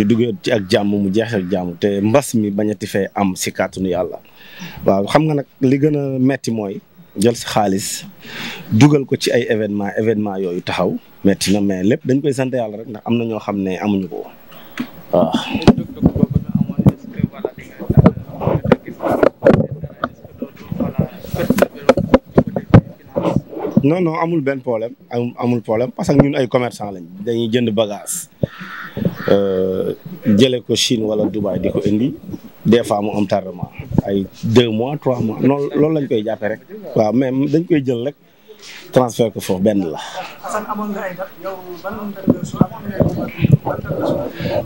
ñu duggee ci ak jàmm mu jeex ak jàmm te mbas mi bañati fee si kàttanu waaw xam nga nag li gën a metti mooy jël sa xaalis dugal ko ci ay événement événement yooyu taxaw metti mais lépp dañ koy sant yàlla rek am na ñoo xam ne amuñu ko waaw. non non amul benn problème amul problème parce que ñun ay commercant lañ dañuy jënd bagaas Euh, jële ko Chine wala Dubaï di ko indi des fois mu ay deux mois trois mois noonu loolu lañ koy jàppee rek waaw mais dañ koy jël rek transfert ko foofu benn la.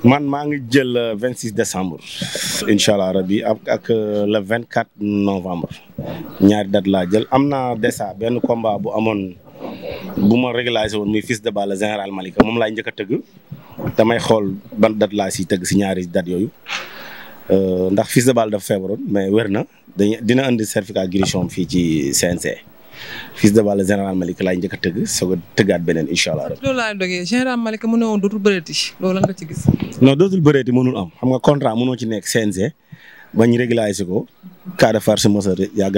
man maa ngi jël vingt six décembre. incha allah rabi ak ak euh, le vingt quatre novembre ñaari date laa jël am naa desa benn combat bu amoon. bu ma régularisé woon muy fils de la général Malika moom laay njëkk tëgg damay xool ban date si tëgg si ñaari date yooyu euh, ndax fils de balle dafa feebaroon mais wér na dañu dina indi certificat guérison fii ci CNC. fils de balle général Malika laay njëkk a tëgg soo a tëggaat beneen incha allah. loolu laa dogee général Malika mu ne woon dootul bëreeti loolu nga ci gis. non dootul bëreeti mënul am xam nga contrat mënoo ci nekk CNC ba ñu régularisé ko cas de force majeure yaa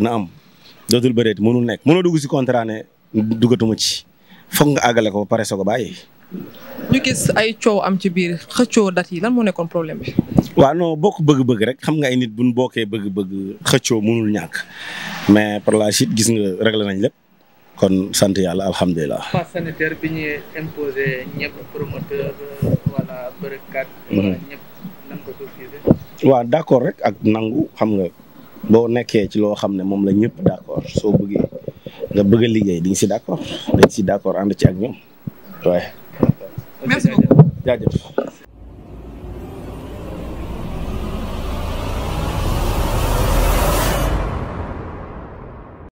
am dugatuma ci foog nga àggale ko pare soo ko bàyyi. ñu gis ay coow am ci biir xëccoo dat yi lan moo nekkoon problème bi. waaw non bokk bëgg-bëgg rek xam nga ay nit buñ bokkee bëgg-bëgg xëccoo mënul ñàkk mais par la suite gis nga réglé nañ lépp kon sant yàlla alhamdulilah. pass sanitaire d' accord rek ak nangu xam nga boo nekkee ci loo xam ne moom la ñëpp d' accord soo bëggee. nga bëgg a liggéey di nga si d' accord dañ si d' accord ànd ci ak ñoom waaye. merci